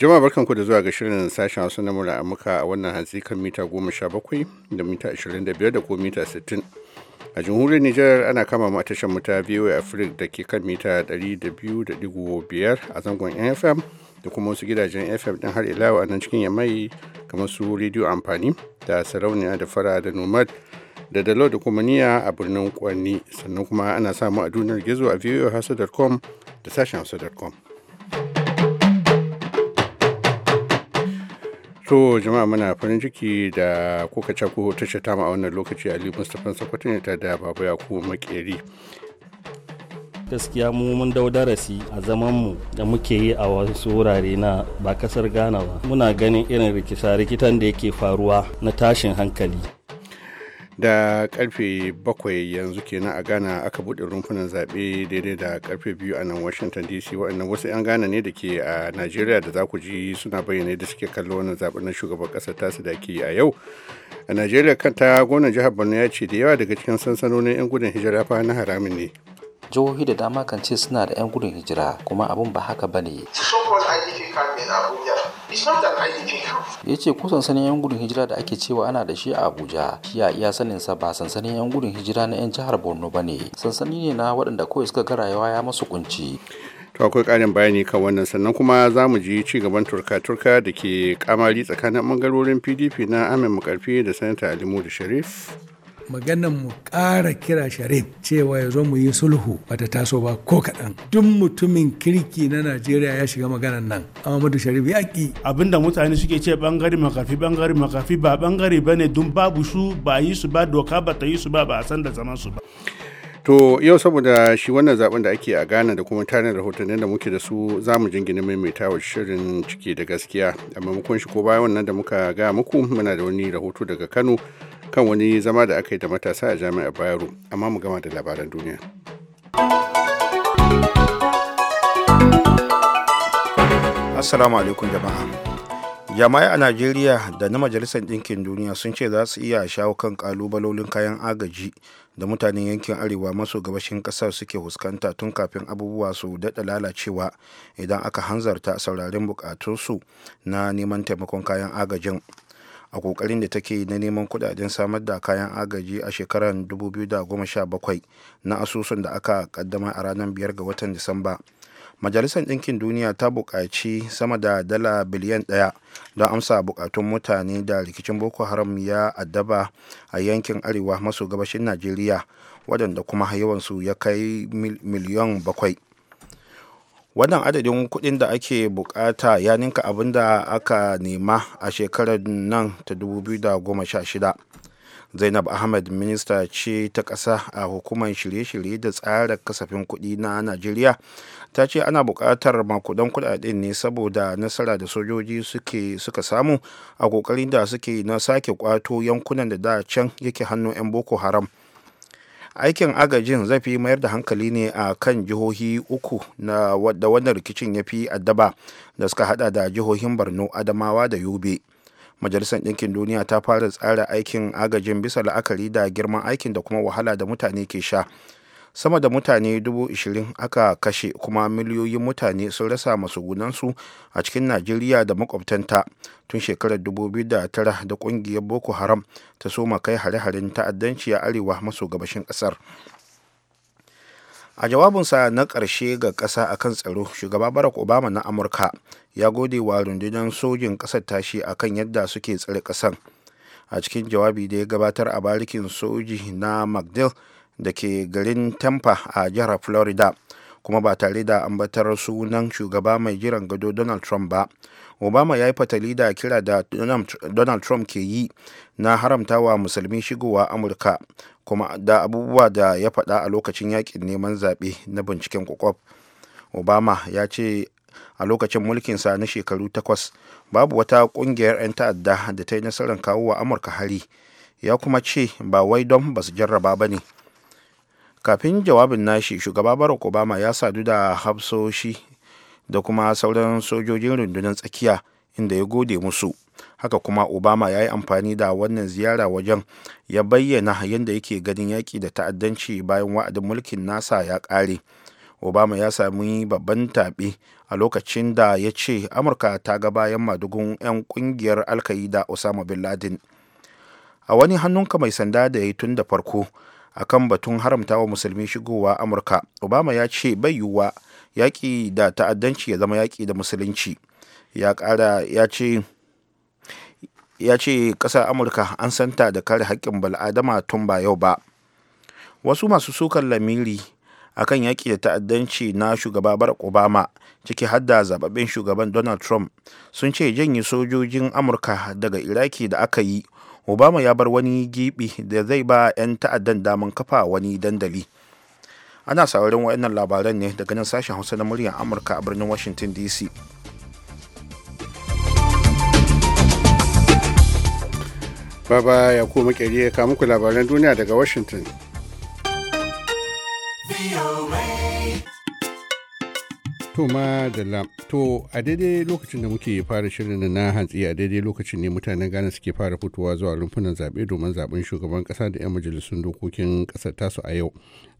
Jama'a barkanku da zuwa ga shirin sashen wasu na mura muka a wannan hantsi kan mita 17 da mita 25 da ko mita 60. A jamhuriyar Nijar ana kama mu tashar mu ta VOA Africa da ke kan mita 200.5 a zangon FM da kuma wasu gidajen FM din har ilawa a nan cikin yamai kamar su rediyo amfani da sarauniya da fara da nomad da dalo da kuma niya a birnin kwanni sannan kuma ana samu a duniyar gizo a voahausa.com da sashen hausa.com. To jama'a muna farin ciki da kuka ca ko ta shata a wannan lokaci Ali Mustapha Sokoto ne ta da Baba ku Makeri. Gaskiya mu mun dau darasi a zaman mu da muke yi a wasu wurare na ba kasar Ghana ba. Muna ganin irin rikisa rikitan da yake faruwa na tashin hankali. da karfe bakwai yanzu kenan a ghana aka buɗe rumfunan zaɓe daidai da karfe biyu a nan washington dc waɗannan wasu 'yan ghana ne da ke a nigeria da za ku ji suna bayyana da suke kallo wannan zaɓen na shugaban ƙasar ta da ke a yau a najeriya kanta gwamnan jihar borno ya ce da yawa daga cikin sansanonin 'yan gudun hijira fa na haramin ne jihohi da dama kan ce suna da 'yan gudun hijira kuma abun ba haka ba ne. ya ce ko sansanin yan gudun hijira da ake cewa ana da shi a abuja shi a iya saninsa ba sansanin yan gudun hijira na yan jihar borno ba ne sansani ne na waɗanda kawai suka ga rayuwa ya masu kunci to akwai ƙarin bayani kan wannan sannan kuma za mu ji ci gaban turka-turka da ke kamari tsakanin ɓangarorin pdp na amin mukarfi da sanata alimu da sharif maganan mu ƙara kira sharif cewa ya zo mu yi sulhu bata taso ba ko kaɗan duk mutumin kirki na najeriya ya shiga maganan nan amadu sharif ya ƙi abinda mutane suke ce bangare makafi bangare makafi ba bangare ba ne don babu su ba yi su ba doka ba ta yi su ba ba a san da zaman su ba to yau saboda shi wannan zaben da ake a ghana da kuma tarin rahotannin da muke da su za mu jingina maimaitawa shirin ciki da gaskiya a maimakon shi ko bayan wannan da muka ga muku muna da wani rahoto daga kano kan wani zama da aka yi da matasa a jami'ar bayero amma mu gama da labaran duniya assalamu alaikum jama'a jama'ai a najeriya da na majalisar ɗinkin duniya sun ce za su iya shawo kan ƙalubalolin kayan agaji da mutanen yankin arewa maso gabashin ƙasar suke fuskanta tun kafin abubuwa su daɗa lalacewa idan aka hanzarta sauraren bukatunsu na neman taimakon kayan agajin a kokarin da take na neman kudaden samar da kayan agaji a shekarar 2017 na asusun da aka kaddama a ranar 5 ga watan disamba majalisar ɗinkin duniya ta buƙaci sama da dala biliyan ɗaya don amsa buƙatun mutane da rikicin boko haram ya addaba a yankin arewa maso gabashin najeriya waɗanda kuma yawansu ya kai miliyan bakwai wannan adadin kudin da ake bukata ya ninka abin da aka nema a shekarar nan ta 2016 zainab ahmed minista ce ta kasa a hukumar shirye-shirye da tsara kasafin kudi na najeriya ta ce ana buƙatar makudan kudaden ne saboda nasara da sojoji suke suka samu a kokarin da suke na sake kwato yankunan da da can yake hannun 'yan boko haram aikin agajin zai fi mayar da hankali ne a kan jihohi uku da wannan rikicin ya fi addaba da suka hada da jihohin borno adamawa da yobe majalisar ɗinkin duniya ta fara tsara aikin agajin bisa la'akari da girman aikin da kuma wahala da mutane ke sha sama da mutane 20,000 aka kashe kuma miliyoyin mutane sun rasa masu masugunansu a cikin najeriya da makwabtanta tun shekarar 2009 da kungiyar boko haram ta soma kai hare-haren ta'addanci a arewa maso gabashin kasar a jawabinsa na ƙarshe ga ƙasa kan tsaro shugaba barack obama na amurka ya gode wa rundunar sojin ƙasar tashi kan yadda suke tsare ƙasar a cikin jawabi da ya gabatar a barikin soji na mcdill da ke garin tampa a jihar florida kuma ba tare da ambatar sunan shugaba mai jiran gado donald trump ba obama ya yi fatali da kira da donald trump ke yi na haramtawa musulmi shigowa amurka kuma da abubuwa da ya faɗa a lokacin yakin neman zaɓe na binciken kwakwaf obama ya ce a lokacin mulkinsa na shekaru takwas babu wata ƙungiyar 'yan ta'adda da ta yi nasarar kawo wa amurka hari ya kuma ce ba wai don ba su jarraba ba ne kafin jawabin nashi shugaba barack obama ya sadu da hafsoshi da kuma sauran sojojin rundunar tsakiya inda ya gode musu haka kuma obama ya yi amfani da wannan ziyara wajen ya bayyana yadda yake ganin yaƙi da ta'addanci bayan wa'adin mulkin nasa ya ƙare obama ya sami babban taɓe a lokacin da ya ce amurka ta ga bayan madugun 'yan ƙungiyar alkaida osama bin laden a wani hannun ka mai sanda da ya yi tun da farko a kan batun haramta wa musulmi shigowa amurka obama ya ce bai yiwuwa yaƙi da ta'addanci ya zama yaƙi da musulunci ya ƙara ya ce ya ce ƙasar amurka an santa da kare haƙƙin bal'adama tun ba yau ba wasu masu sukan lamiri akan yaƙi da ta'addanci na shugaba barack obama ciki har da zababben shugaban donald trump sun ce janye sojojin amurka daga iraki da aka yi obama ya bar wani gibi da zai ba 'yan ta'addan daman kafa wani dandali ana sauran waɗannan labaran ne daga nan sashen hausa na muryar amurka a birnin washington dc baba ya kuma makeri ya muku labaran duniya daga washington To ma la, to a daidai lokacin da muke fara shirin na hantsi a daidai lokacin ne mutanen Ghana suke fara fitowa zuwa rumfunan zaɓe domin zaɓen shugaban ƙasa da 'yan majalisun dokokin ƙasar tasu a yau.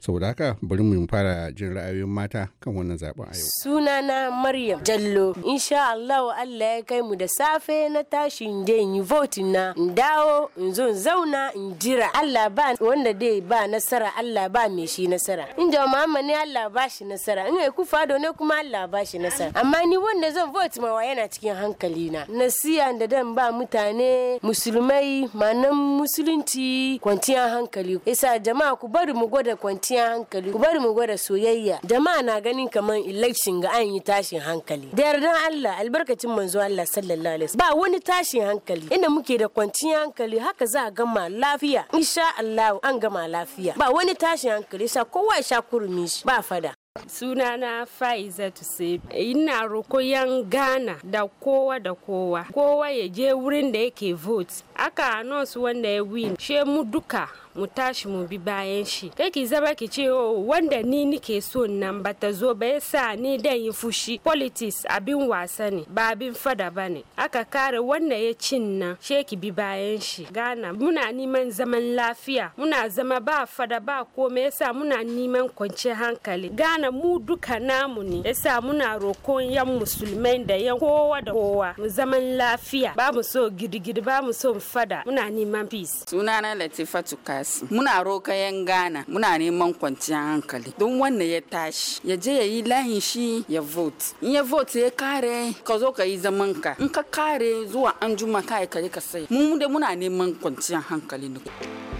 saboda haka bari mu fara jin ra'ayoyin mata kan wannan zaben a yau sunana maryam jallo insha Allah Allah ya kai mu da safe na tashi in je in yi vote na in dawo in zo in zauna in jira Allah ba wanda dai ba nasara Allah ba mai shi nasara in da mama ne Allah ba shi nasara in kufa da ne kuma Allah ba shi nasara amma ni wanda zan vote ma wa yana cikin hankali na nasiya da dan ba mutane musulmai manan musulunci kwanciyar hankali isa jama'a ku bari mu gwada kwanci kwanciyar hankali ku bari mu gwada soyayya jama'a na ganin kamar election ga an yi tashin hankali da yardan Allah albarkacin manzo Allah sallallahu alaihi ba wani tashin hankali inda muke da kwanciyar hankali haka za a gama lafiya insha Allah an gama lafiya ba wani tashin hankali sa kowa ya sha kurmi shi ba fada sunana ta sebi ina rokoyan ghana da kowa da kowa kowa ya je wurin da yake vote aka anonsu wanda ya win she mu duka mu tashi mu bi bayan shi kai ki zama ki ce oh, wanda ni nike so nan ba ta zo ba yasa ni dan yi fushi politics abin wasa ne ba abin fada ba ne aka kare wanda ya cin nan she ki bi bayan shi gana muna neman zaman lafiya muna zama ba fada ba komai yasa muna neman kwanciyar hankali gana mu duka namu ne yasa muna rokon yan musulmai da yan kowa da kowa mu zaman lafiya ba mu so girgir ba mu so fada muna neman peace sunana latifatu ka muna rokayen Ghana muna neman kwanciyar hankali don wanda ya tashi ya je ya yi layin shi ya vote in ya vote ya kare ka zo ka yi zaman ka in ka kare zuwa an juma ka ka ka sai mu da muna neman kwanciyar hankali ne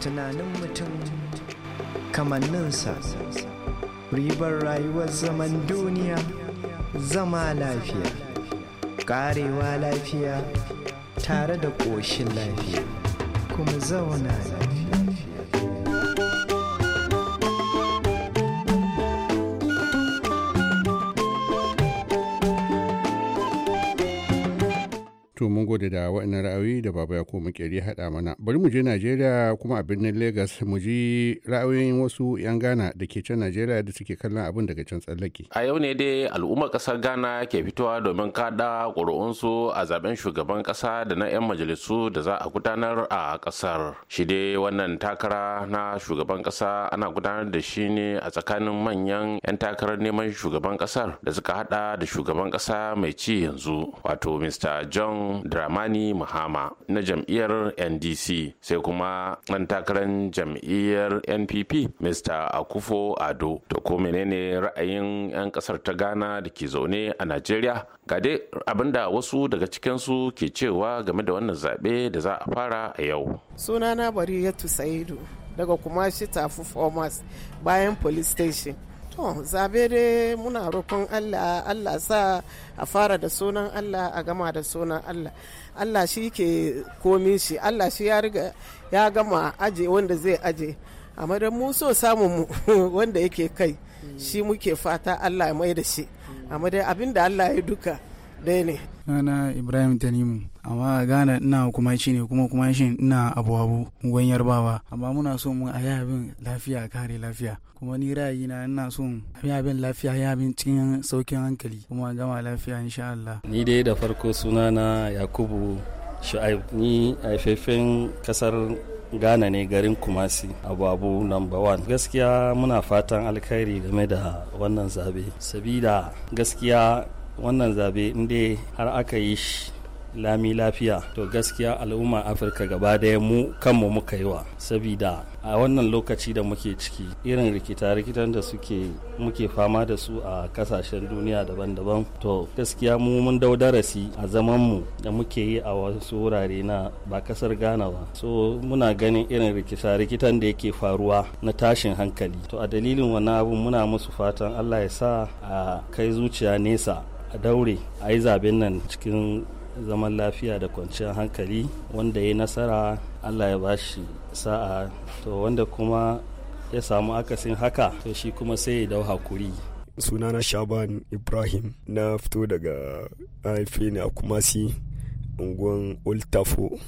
tunanin mutum kamanninsa ribar rayuwar zaman duniya zama lafiya karewa lafiya tare da ƙoshin lafiya kuma zauna lafiya To mun gode da waɗannan ra'ayoyi da baba ya koma ƙeri haɗa mana. Bari mu je Najeriya kuma a birnin Legas mu ji ra'ayoyin wasu 'yan Ghana da ke can Najeriya da suke kallon abin daga can tsallake. A yau ne dai al'ummar ƙasar Ghana ke fitowa domin kaɗa ƙuri'unsu a zaben shugaban ƙasa da na 'yan majalisu da za a gudanar a ƙasar. Shi dai wannan takara na shugaban ƙasa ana gudanar da shi ne a tsakanin manyan 'yan takarar neman shugaban ƙasar da suka haɗa da shugaban ƙasa mai ci yanzu wato Mr. John dramani muhama na jam'iyyar ndc sai kuma ɗan takarar jam'iyyar npp mr akufo ado to ko menene ra'ayin 'yan ƙasar ta ghana da ke zaune a najeriya ga dai abinda wasu daga cikin su ke cewa game da wannan zaɓe da za a fara a yau sunana bari ya saidu daga kuma shi tafi bayan police station To, zabe dai muna roƙon Allah, Allah sa a fara da sunan Allah a gama da sunan Allah. Allah shi ke komi shi, Allah shi ya riga ya gama aje wanda zai aje. A samun mu so samun wanda yake kai, shi muke fata Allah ya mai da shi. A madan abin da Allah ya duka dai ne. sunana ibrahim tanimu amma gana ina kuma shi ne kuma kuma shi ina abu abu gwan yarbawa amma muna so mu a yabin lafiya kare lafiya kuma ni ra'ayi na ina so yabin lafiya yabin cikin saukin hankali kuma gama lafiya insha Allah ni dai da farko sunana yakubu shu'aib ni haifafen kasar Ghana ne garin Kumasi abu abu number one gaskiya muna fatan alkhairi game da wannan zabe sabida gaskiya wannan zabe inda har aka yi shi lami lafiya to gaskiya al'umma afirka gaba daya mu kanmu muka yi wa sabida a wannan lokaci da muke ciki irin rikita-rikitan da suke muke fama da su a kasashen duniya daban-daban to gaskiya mu mun dau darasi a zaman mu da muke yi a wasu wurare na ba kasar ghana ba so muna ganin irin rikita-rikitan da yake faruwa na tashin hankali to a dalilin wannan abun muna musu fatan allah ya sa a kai zuciya nesa a daure a yi zaben nan cikin zaman lafiya da kwanciyar hankali wanda ya yi nasara allah ya ba shi sa'a to wanda kuma ya samu akasin haka to shi kuma sai ya dau hakuri sunana shaban ibrahim na fito daga haife ne a kumasi unguwan oltafo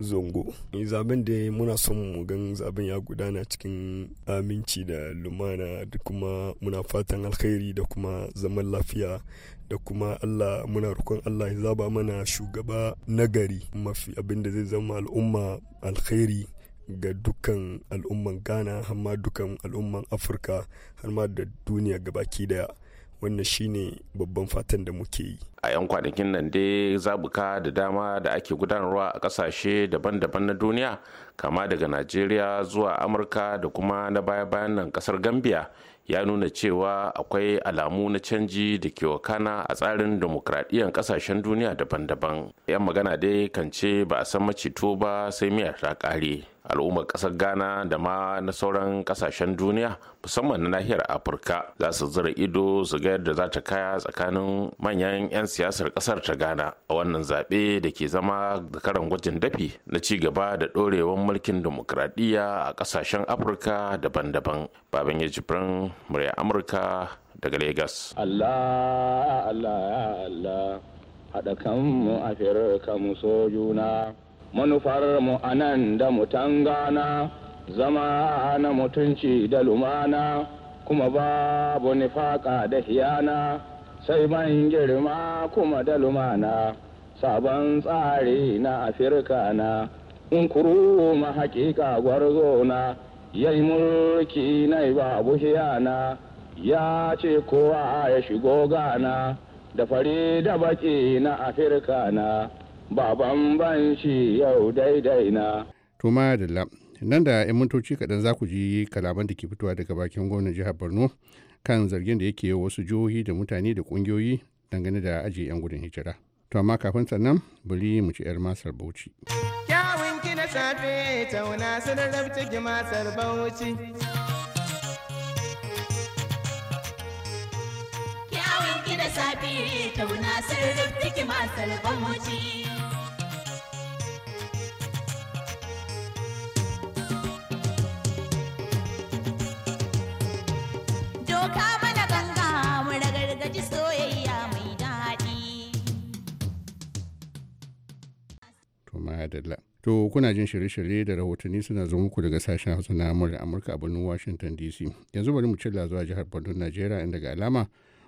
zongo zaben da muna son mu gan zaben ya gudana cikin aminci da lumana da kuma muna fatan alkhairi da kuma zaman lafiya da kuma Allah muna rukun Allah ya zaba mana shugaba nagari mafi abin da zai zama al'umma alkhairi ga dukkan al'umman Ghana har ma dukkan al'umman Afirka har ma da duniya gabaki daya wannan shine babban fatan da muke yi a 'yan kwanakin nan dai zabuka da dama da ake gudanarwa a kasashe daban-daban na duniya kama daga najeriya zuwa amurka da kuma na baya-bayan nan kasar gambia ya nuna cewa akwai alamu na canji da ke wakana a tsarin demokradiyyar kasashen duniya daban-daban 'yan magana dai kan ce ba a san macito ba sai miyar ta kare. al'ummar kasar ghana da ma na sauran kasashen duniya musamman na nahiyar afirka za su zira ido su ga yadda za ta kaya tsakanin manyan 'yan siyasar kasar ta ghana a wannan zaɓe da ke zama da karan gwajin dafi na ci gaba da ɗorewar mulkin dimokuraɗiyya a kasashen afirka daban-daban baban ya jibrin murya amurka daga lagos allah allah allah haɗa kanmu afirka mu so juna manufar mu nan da mutan gana zama na mutunci da lumana kuma babu nifaka da hiyana sai ban girma kuma da lumana sabon tsari na afirka na in ma hakika gwarzo na yi mulki na babu hiyana ya ce kowa ya shigo gana da fari da baki na afirka na baban ban shi yau daidai na. Tuma Adalla, nan da 'yan mintoci kaɗan za ku ji kalaman da ke fitowa daga bakin gwamnan jihar Borno kan zargin da yake wasu jihohi da mutane da ƙungiyoyi dangane da ajiye 'yan gudun hijira. To amma kafin sannan buli mu ci 'yar masar Bauchi. Kyawun ki na safe tauna sun rabta ki masar Bauchi. safi tauna sirrin tiki masar Doka mana ganga mana gargaji soyayya mai daɗi. To ma'adalla. To kuna jin shirye-shirye da rahotanni suna zo muku daga sashen Hausa na Amurka a birnin Washington DC. Yanzu bari mu cilla zuwa jihar Borno, Najeriya inda ga alama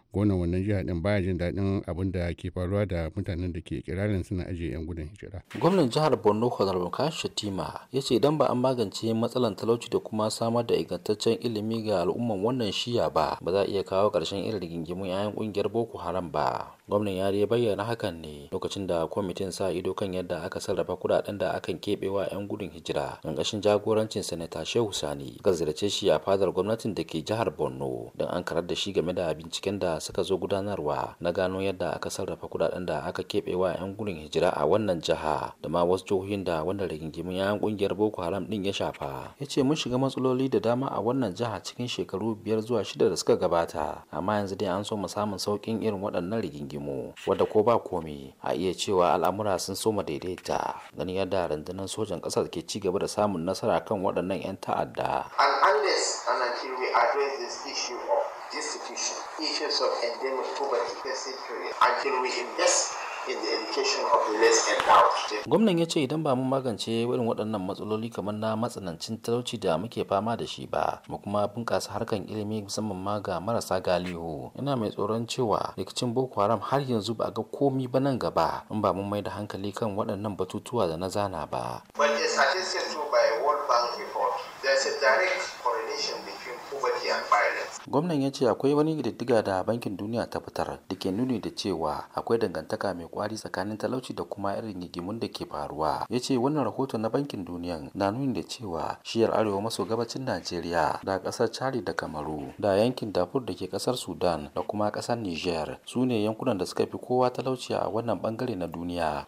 gonan wannan jiha din baya jin daɗin abin da ke faruwa da mutanen da ke kirarin suna ajiye 'yan gudun hijira. Gwamnan jihar Borno Kwadar Shatima ya ce idan ba an magance matsalan talauci da kuma samar da ingantaccen ilimi ga al'umman wannan shiya ba ba za a iya kawo ƙarshen irin rigingimun 'ya'yan ƙungiyar Boko Haram ba. gwamnan yari ya bayyana hakan ne lokacin da kwamitin sa ido kan yadda aka sarrafa kudaden da akan keɓe wa 'yan gudun hijira kashin jagorancin sanata shehu sani aka zirace shi a fadar gwamnatin da ke jihar borno don an karar da shi game da binciken da suka zo gudanarwa na gano yadda aka sarrafa kudaden da aka keɓe wa 'yan gudun hijira a wannan jiha da ma wasu jihohin da wannan rigingimin 'yan ƙungiyar boko haram din ya shafa ya ce mun shiga matsaloli da dama a wannan jiha cikin shekaru biyar zuwa shida da suka gabata amma yanzu dai an so mu samun sauƙin irin waɗannan rigingimu rigingimu wadda ko ba komi a iya cewa al'amura sun soma daidaita ganin yadda rundunar sojan ƙasa ke ci gaba da samun nasara kan waɗannan 'yan ta'adda. And unless and until we address this issue of destitution, issues of endemic poverty, until we invest Gwamnan ya ce idan ba mu magance irin waɗannan matsaloli kamar na matsanancin talauci da muke fama da shi ba, mu kuma bunƙasa harkan ilimi musamman ma ga marasa galihu. Ina mai tsoron cewa rikicin Boko Haram har yanzu ba a ga komi ba nan gaba in ba mu mai da hankali kan waɗannan batutuwa da na zana ba. Gwamnan ya ce akwai wani diddiga da bankin duniya ta fitar da ke nuni da cewa akwai dangantaka mai kwari tsakanin talauci da kuma irin rigimun da ke faruwa. Ya ce wannan rahoto na bankin duniya na nuni da cewa shiyar arewa maso gabacin Najeriya da ƙasar Chari da Kamaru da yankin Darfur da ke ƙasar Sudan da kuma ƙasar Niger su ne yankunan da suka fi kowa talauci a wannan bangare na duniya.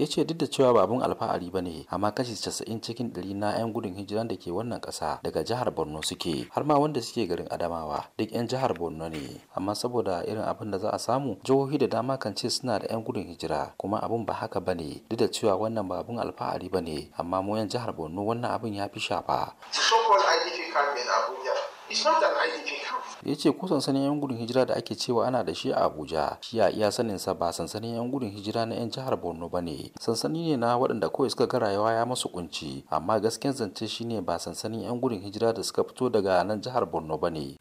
ya ce duk da cewa ba alfahari ba ne amma kashi casa'in cikin ɗari na 'yan gudun hijiran da ke wannan ƙasa daga jihar borno suke har ma wanda suke garin adamawa duk 'yan jihar borno ne amma saboda irin abin da za a samu jihohi da dama kan ce suna da 'yan gudun hijira kuma abun ba haka ba ne duk da cewa wannan ba alfahari ba ne amma mu 'yan jihar borno wannan abin ya fi shafa. ya ce ko sansanin yan gudun hijira da ake cewa ana da shi a abuja shi a iya saninsa ba sansanin yan gudun hijira na yan jihar borno ba ne sansani ne na waɗanda kawai suka ga rayuwa ya masu kunci amma gaskiyan zance shi ne ba sansanin yan gudun hijira da suka fito daga nan jihar borno ba ne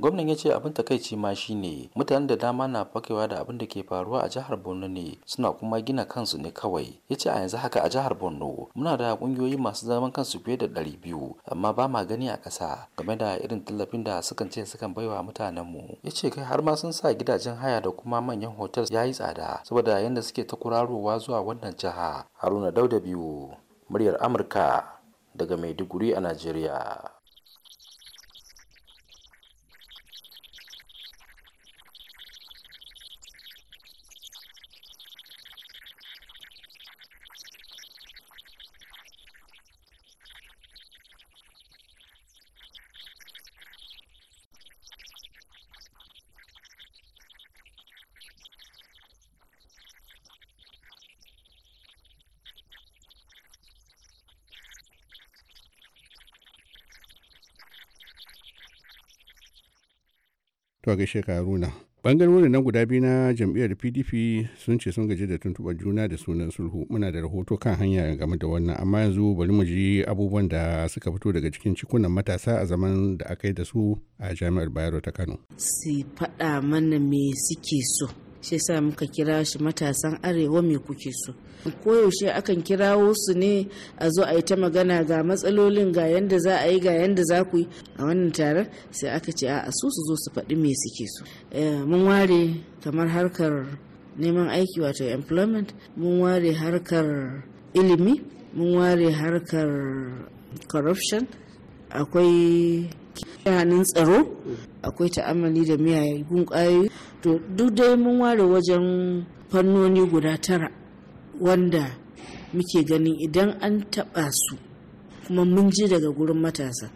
gwamnan ya ce abin takaici ma shine mutanen da dama na fakewa da abin da ke faruwa a jihar borno ne suna kuma gina kansu ne kawai ya ce a yanzu haka a jihar borno muna da kungiyoyi masu zaman kansu fiye da ɗari biyu amma ba ma gani a ƙasa game da irin tallafin da sukan ce sukan baiwa mu ya ce kai har ma sun sa gidajen haya da kuma manyan hotel ya yi tsada saboda yadda suke ta kurarowa zuwa wannan jiha haruna dauda biyu muryar amurka daga maiduguri a najeriya to gaishe ka haruna bangarorin nan guda biyu na jam'iyyar pdp sun ce sun gaji da tuntuɓar juna da sunan sulhu muna da rahoto kan hanya game da wannan amma yanzu bari mu ji abubuwan da suka fito daga cikin cikunan matasa a zaman da aka yi da su a jami'ar bayero ta kano su faɗa mana me suke so shi sa muka kira shi matasan arewa mai kuke so koyaushe akan kirawo su ne a zo a yi ta magana ga matsalolin ga yadda za a yi ga yadda za ku yi a wannan taron sai aka ce a su su zo su faɗi me suke so eh, mun ware kamar harkar neman aiki wato employment mun ware harkar ilimi mun ware harkar corruption akwai ciki hannun tsaro akwai ta'amali da miyagun ƙwayoyi to duk dai mun ware wajen fannoni guda tara wanda muke ganin idan an taɓa su kuma mun ji daga gurin matasa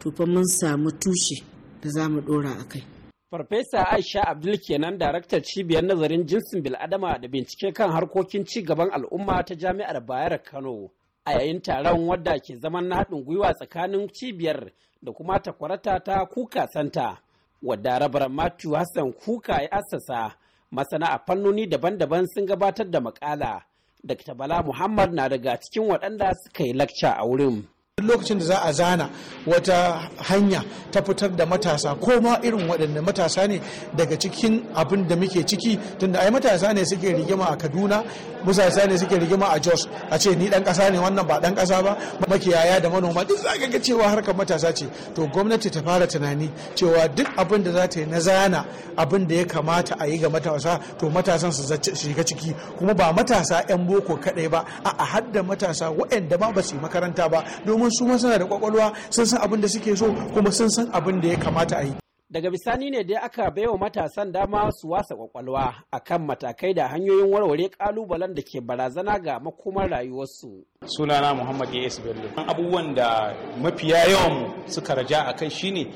to fa mun samu tushe da za mu ɗora a kai. Farfesa Aisha Abdul kenan daraktar cibiyar nazarin jinsin bil'adama da bincike kan harkokin ci gaban al'umma ta jami'ar Bayar Kano. a yayin taron wadda ke zaman na haɗin gwiwa tsakanin cibiyar da kuma takwarata ta kuka santa wadda rabar matthew hassan kuka ya assasa masana a fannoni daban-daban sun gabatar da makala dr bala muhammad na daga cikin waɗanda suka yi lakca a wurin lokacin da za a zana wata hanya ta fitar da matasa ko ma irin waɗanda matasa ne daga cikin abin da muke ciki tunda ai matasa ne suke rigima a kaduna musasa ne suke rigima a jos a ce ni dan ƙasa ne wannan ba ɗan ƙasa ba makiyaya da manoma duk za ga cewa harkar matasa ce to gwamnati ta fara tunani cewa duk abin da za ta yi na zana abin da ya kamata a yi ga matasa to matasan su shiga ciki kuma ba matasa 'yan boko kaɗai ba a'a har da matasa waɗanda ba ba su yi makaranta ba domin Kuma su suna da kwakwalwa sun san abin da suke so kuma sun san abin da ya kamata a yi daga bisani ne dai aka baiwa matasan dama su wasa kwakwalwa kan matakai da hanyoyin warware kalubalen da ke barazana ga makomar rayuwarsu sunana muhammad S. bello abubuwan da mafiya yawan suka raja a kai shine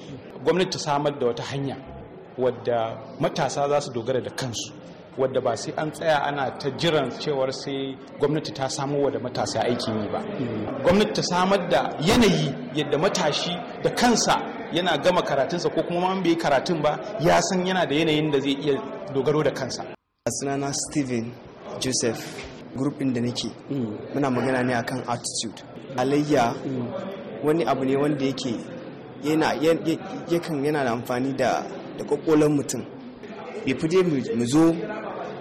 gwamnati ta samar da wata hanya wadda matasa za su dogara da kansu wadda ba sai an tsaya ana ta jiran cewar sai gwamnati ta samo wa da matasa aikin yi ba gwamnati ta samar da yanayi yadda matashi da kansa yana gama karatunsa ko kuma ma bai karatun ba ya san yana da yanayin da zai iya dogaro da kansa a sunana steven joseph grupin da nake mm. muna magana ne akan attitude alayya mm. wani abu ne wanda yake yana yakan yana da amfani da da mutum bai fi mu zo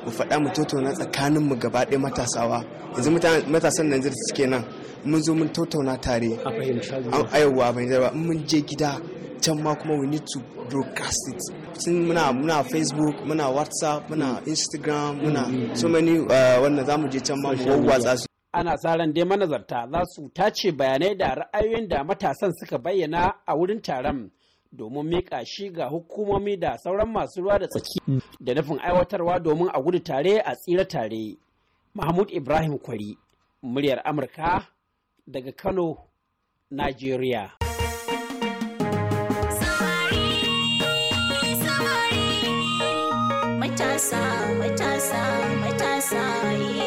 mu faɗa mu tattauna tsakanin mu gaba ɗaya matasawa yanzu matasan nan da suke nan mun zo mun tattauna tare a yawwa bai ba mun je gida can ma kuma we need to broadcast it sun muna muna facebook muna whatsapp muna mm. instagram muna mm. so many uh, wannan mu je can ma mu wawwatsa su ana sa ran dai manazarta za su tace bayanai da ra'ayoyin da matasan suka bayyana a wurin taron domin miƙa shi ga hukumomi da sauran masu ruwa da tsaki da nufin aiwatarwa domin a gudu tare a tsira tare. Mahmud Ibrahim Kwari, muryar Amurka daga Kano, Najeriya. Matasa, matasa, matasa, yeah.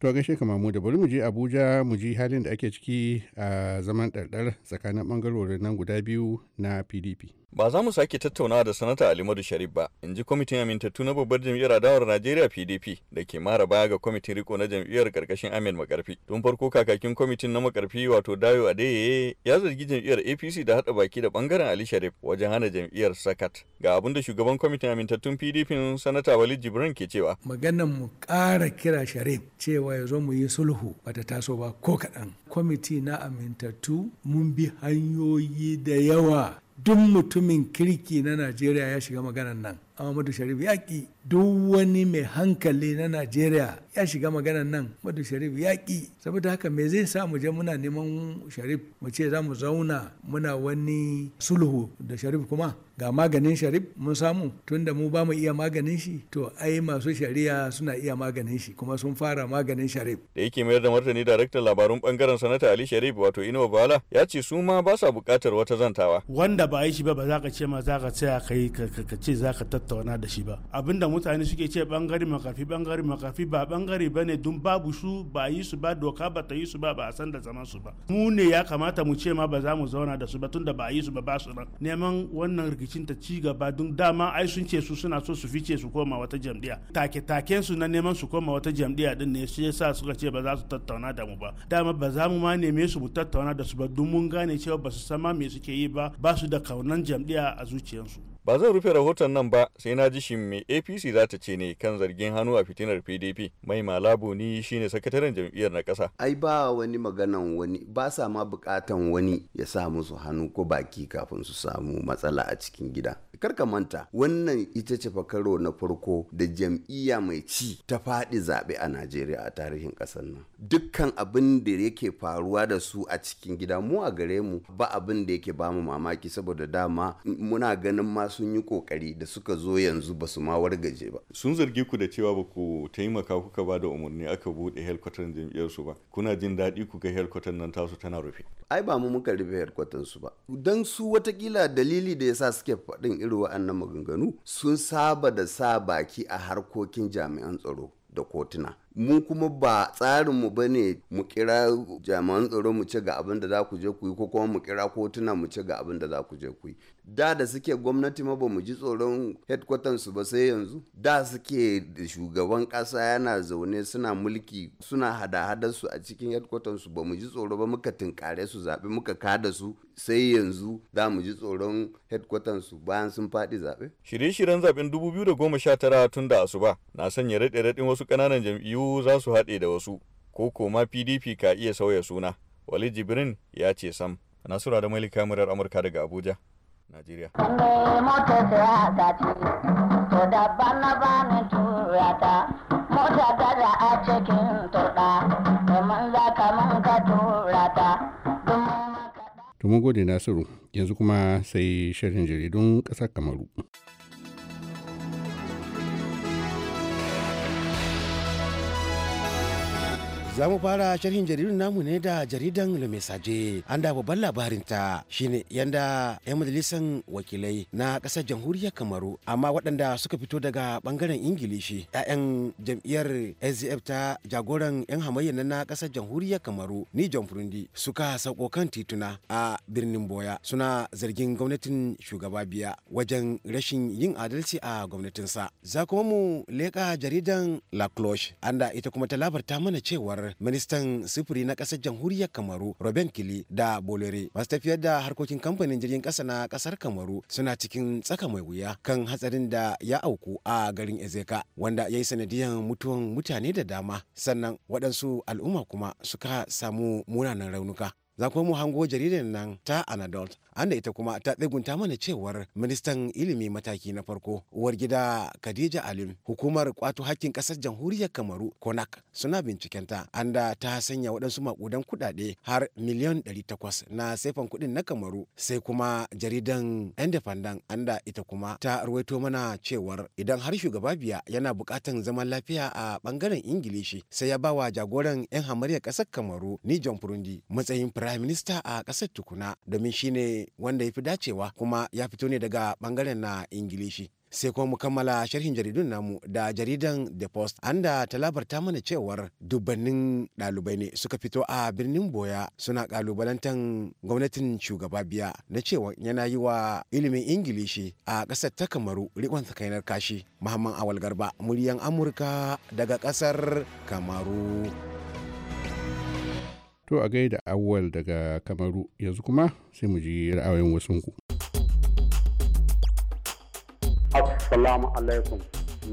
to gaishe kama mu da bari mu je abuja mu ji halin da ake ciki a zaman ɗarɗar tsakanin ɓangarorin nan guda biyu na pdp Ba za mu sake tattaunawa da sanata Alimadu Sharif ba, in ji kwamitin amintattu na babbar jam'iyyar adawar Najeriya PDP da ke mara baya ga kwamitin riko na jam'iyyar karkashin Ahmed Makarfi. Tun farko kakakin kwamitin na Makarfi wato Dayo Adeyeye ya zargi jam'iyyar APC da haɗa baki da bangaren Ali Sharif wajen hana jam'iyyar sakat. Ga abin da shugaban kwamitin amintattun PDP sanata Walid Jibran ke cewa. Maganan mu kara kira Sharif cewa ya zo mu yi sulhu bata taso ba ko kaɗan. Kwamiti na amintattu mun bi hanyoyi da yawa duk mutumin kirki na najeriya ya shiga maganan nan Muhammadu Sharif ya ki duk wani mai hankali na Najeriya ya shiga magana nan Muhammadu Sharif ya ki saboda haka me zai sa mu je muna neman Sharif mu ce za mu zauna muna wani sulhu da Sharif kuma ga maganin Sharif mun samu tunda mu ba mu iya maganin shi to ai masu shari'a suna iya maganin shi kuma sun fara maganin Sharif da yake mayar da martani daraktan labarun bangaren sanata Ali Sharif wato Inuwa Bala ya ce su ma ba sa bukatar wata zantawa wanda ba yi shi ba ba za ka ce ma za ka tsaya kai ka ce za ka tattauna da shi ba abinda mutane suke ce bangare makafi bangare makafi ba bangare ba ne babu su ba yi su ba doka ba ta yi su ba ba a san da zaman su ba mu ne ya kamata mu ce ma ba za mu zauna da su ba tunda ba yi su ba ba su nan neman wannan rikicin ta ci gaba dun dama ai sun ce su suna so su fice su koma wata jam'iyya take taken su na neman su koma wata jam'iyya din ne shi yasa suka ce ba za su tattauna da mu ba dama ba za mu ma neme su mu tattauna da su ba dun mun gane cewa ba su san ma me suke yi ba ba su da kaunan jam'iyya a zuciyarsu ba zan rufe rahoton nan ba sai na ji shin mai apc za ta ce ne kan zargin hannu a fitinar pdp mai malabo ni shine sakataren jam'iyyar na ƙasa ai ba wani maganan wani ba sa ma bukatan wani ya sa musu hannu ko baki kafin su samu matsala a cikin gida karka manta wannan ita ce fa na farko da jam'iyya mai ci ta faɗi zaɓe a najeriya a tarihin ƙasar nan dukkan abin da yake faruwa da su a cikin gida mu a gare mu ba abin da yake ba mu mamaki saboda dama muna ganin masu sun yi kokari da suka zo yanzu ba su ma wargaje ba sun zargi ku da cewa ba ku taimaka kuka ba da umarni aka bude helkwatan jam'iyyar su ba kuna jin daɗi ku ga helkwatan nan tasu tana rufe ai ba mu muka rufe helkwatan su ba dan su watakila dalili da yasa suke faɗin irin wa'annan maganganu sun saba da sa baki a harkokin jami'an tsaro da kotuna mu kuma ba tsarinmu ba ne mu kira jami'an tsaro mu ce ga abin da za ku je ku yi ko kuma mu kira kotuna mu ce ga abin da za ku je ku yi da da suke gwamnati ma ba mu ji tsoron headquarters su ba sai yanzu da suke da shugaban kasa yana zaune suna mulki suna hada-hadar su a cikin headquarters su ba mu ji tsoro ba muka tinkare su zaɓe muka kada su sai yanzu za mu ji tsoron headquarters su bayan sun faɗi zaɓe. shirye-shiryen zaɓen 2019 tun da asuba na sanya raɗe-raɗin wasu ƙananan jam'iyyu biyu za su haɗe da wasu ko koma pdp ka iya sauya suna wali jibrin ya ce sam nasura da malika murar amurka daga abuja najeriya mota ta da domin gode nasiru yanzu kuma sai shirin jaridun ƙasar kamaru Za mu fara sharhin jaridun namu ne da jaridan Lumesaje. An da babban ta shine yanda 'yan majalisar wakilai na ƙasar jamhuriyar Kamaru amma waɗanda suka fito daga ɓangaren Ingilishi 'ya'yan jam'iyyar SDF ta jagoran 'yan hamayya na ƙasar jamhuriyar Kamaru ni John Furundi suka sauko kan tituna a birnin Boya suna zargin gwamnatin shugaba biya wajen rashin yin adalci a gwamnatinsa. Za kuma mu leƙa jaridan La Cloche da ita kuma ta labarta mana cewar ministan sufuri na ƙasar jamhuriyar kamaru robin kili da bolere masu tafiyar da harkokin kamfanin jirgin ƙasa na ƙasar kamaru suna cikin tsaka mai wuya kan hatsarin da ya auku a garin ezeka wanda ya yi sanadiyar mutuwan mutane da dama sannan waɗansu al'umma kuma suka samu munanan raunuka za kuma mu hango jaridar nan ta anadolt anda ita kuma ta tsegunta mana cewar ministan ilimi mataki na farko uwar gida khadija alim hukumar kwato hakkin kasar jamhuriyar kamaru konak suna bincikenta anda ta sanya waɗansu makudan kuɗaɗe har miliyan 800 na saifan kuɗin na kamaru sai kuma jaridan independent anda ita kuma ta ruwaito mana cewar idan har shugaba biya yana buƙatan zaman lafiya a ɓangaren ingilishi sai ya bawa jagoran 'yan hamariyar ƙasar kamaru ni john matsayin prime minister a ƙasar tukuna domin shine wanda ya fi dacewa kuma ya fito ne daga bangaren na ingilishi sai kuma mu kammala sharhin jaridun namu da jaridan the post an da ta labarta mana cewar dubbannin ɗalibai ne suka fito a birnin boya suna kalubalantan gwamnatin shugaba biya na cewa yana yi wa ilimin ingilishi a ƙasar ta kamaru riƙon kainar kashi muhammad awal garba muryan amurka daga ƙasar kamaru. To a gaida awwal daga Kamaru yanzu kuma sai mu ji ra'ayoyin wasu ku. Assalamu alaikum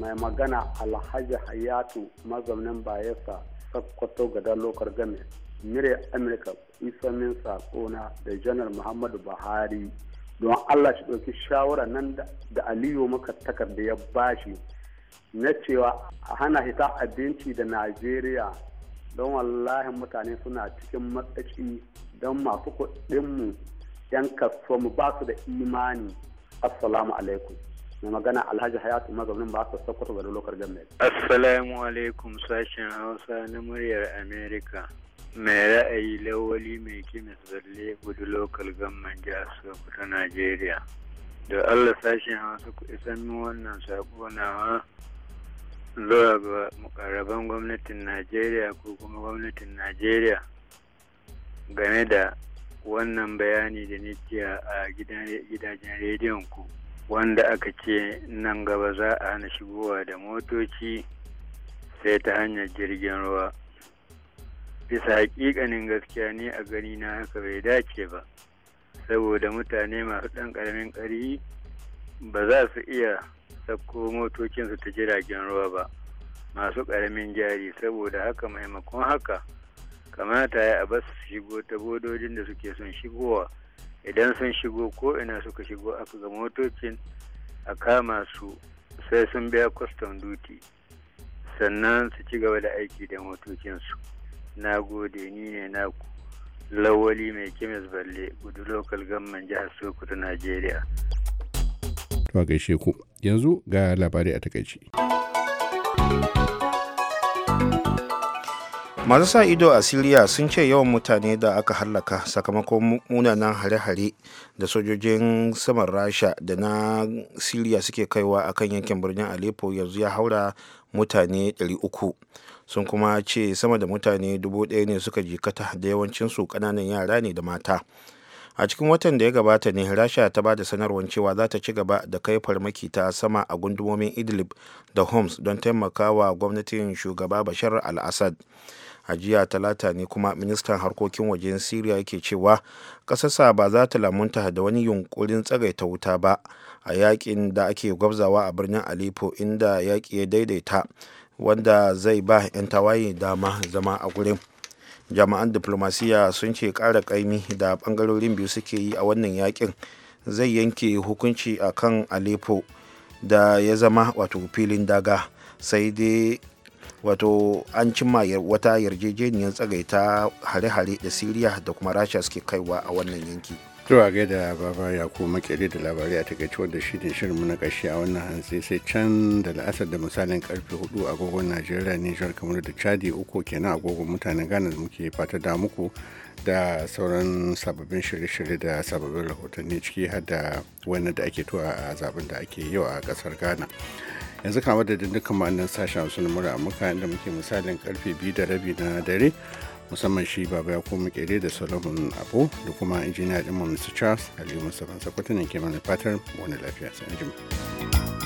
mai magana Alhaji Hayatu mazaunin Bayelsa sakkwato ga lokar game mire Amurka isamin sakona da janar Muhammadu Buhari don Allah shi ɗauki shawara nan da Aliyu maka takarda ya bashi na cewa a hana hita abinci da Najeriya don wallahi mutane suna cikin matsaci don masu kuɗinmu 'yan mu ba su da imani assalamu alaikum mai magana alhaji hayatu mazaunin ba su sokoto ga lokar jami'ai assalamu alaikum sashen hausa na muryar Amerika. mai ra'ayi lawali mai kimi zalle gudu lokal gamman jihar sokoto najeriya da allah sashen hausa ku isan wannan sako nawa zuwa ga mukarraban gwamnatin najeriya ko kuma gwamnatin najeriya game da wannan bayani da nake a gidajen rediyon ku wanda aka ce nan gaba za a hana shigowa da motoci sai ta hanyar jirgin ruwa bisa hakikanin gaskiya ne a gani na haka bai dace ba saboda mutane masu ɗan ƙaramin ƙari ba za su iya sabko motokinsu ta jiragen ruwa ba masu ƙaramin jari saboda haka maimakon haka kamata ya a basu shigo ta bodojin da suke son shigowa idan sun shigo ko ina suka shigo aka ga motocin a kama su sai sun biya kwastam duty sannan su ci gaba da aiki da motocinsu na gode ni ne naku lawali mai kemis balle gudu lokal gamman jihar sokoto najeriya ba gaishe ku yanzu ga labari a takaici masu sa ido a siriya sun ce yawan mutane da aka hallaka sakamakon munanan hare-hare da sojojin saman rasha da na siriya suke kaiwa a kan yankin birnin aleppo yanzu ya haura mutane 300 sun kuma ce sama da mutane 1000 ne suka jikata da yawancinsu ƙananan yara ne da mata a cikin watan da ya gabata ne rasha ta ba da sanarwar cewa za ta ci gaba da kai farmaki ta sama a gundumomin idlib da homs don taimakawa gwamnatin shugaba bashar al-assad a jiya talata ne kuma ministan harkokin wajen siriya yake cewa ƙasarsa ba za ta lamunta da wani yunkurin tsagaita wuta ba a yakin da ake gwabzawa a birnin aleppo inda yaƙi ya daidaita wanda zai ba 'yan tawaye dama zama a gurin. jami'an diplomasiya sun ce ƙara ƙaimi da ɓangarorin biyu suke yi a wannan yakin zai yanke hukunci a kan aleppo da ya zama wato filin daga sai dai wato an cimma wata yarjejeniyar tsagaita hare-hare da siriya da kuma rasha suke kaiwa a wannan yanki. zuwa gaida baba ya ko makere da labari a takaice wanda shi ne shirinmu na ƙarshe a wannan hantsi sai can da la'asar da misalin karfe 4 agogon najeriya nijar kamar da chadi uku kenan agogon mutanen ghana da muke fata da muku da sauran sababbin shirye-shirye da sababbin rahotanni ciki har da wannan da ake tuwa a zaben da ake yau a kasar ghana yanzu kama da dukkan ma'anin sashen sunan mura muka inda muke misalin karfe 2 da rabi na dare musamman shi baba ya koma kere da solomon abu da kuma injiniya mu mr charles aliyu mustapha sakwatunan ke mana fatar wani lafiya sai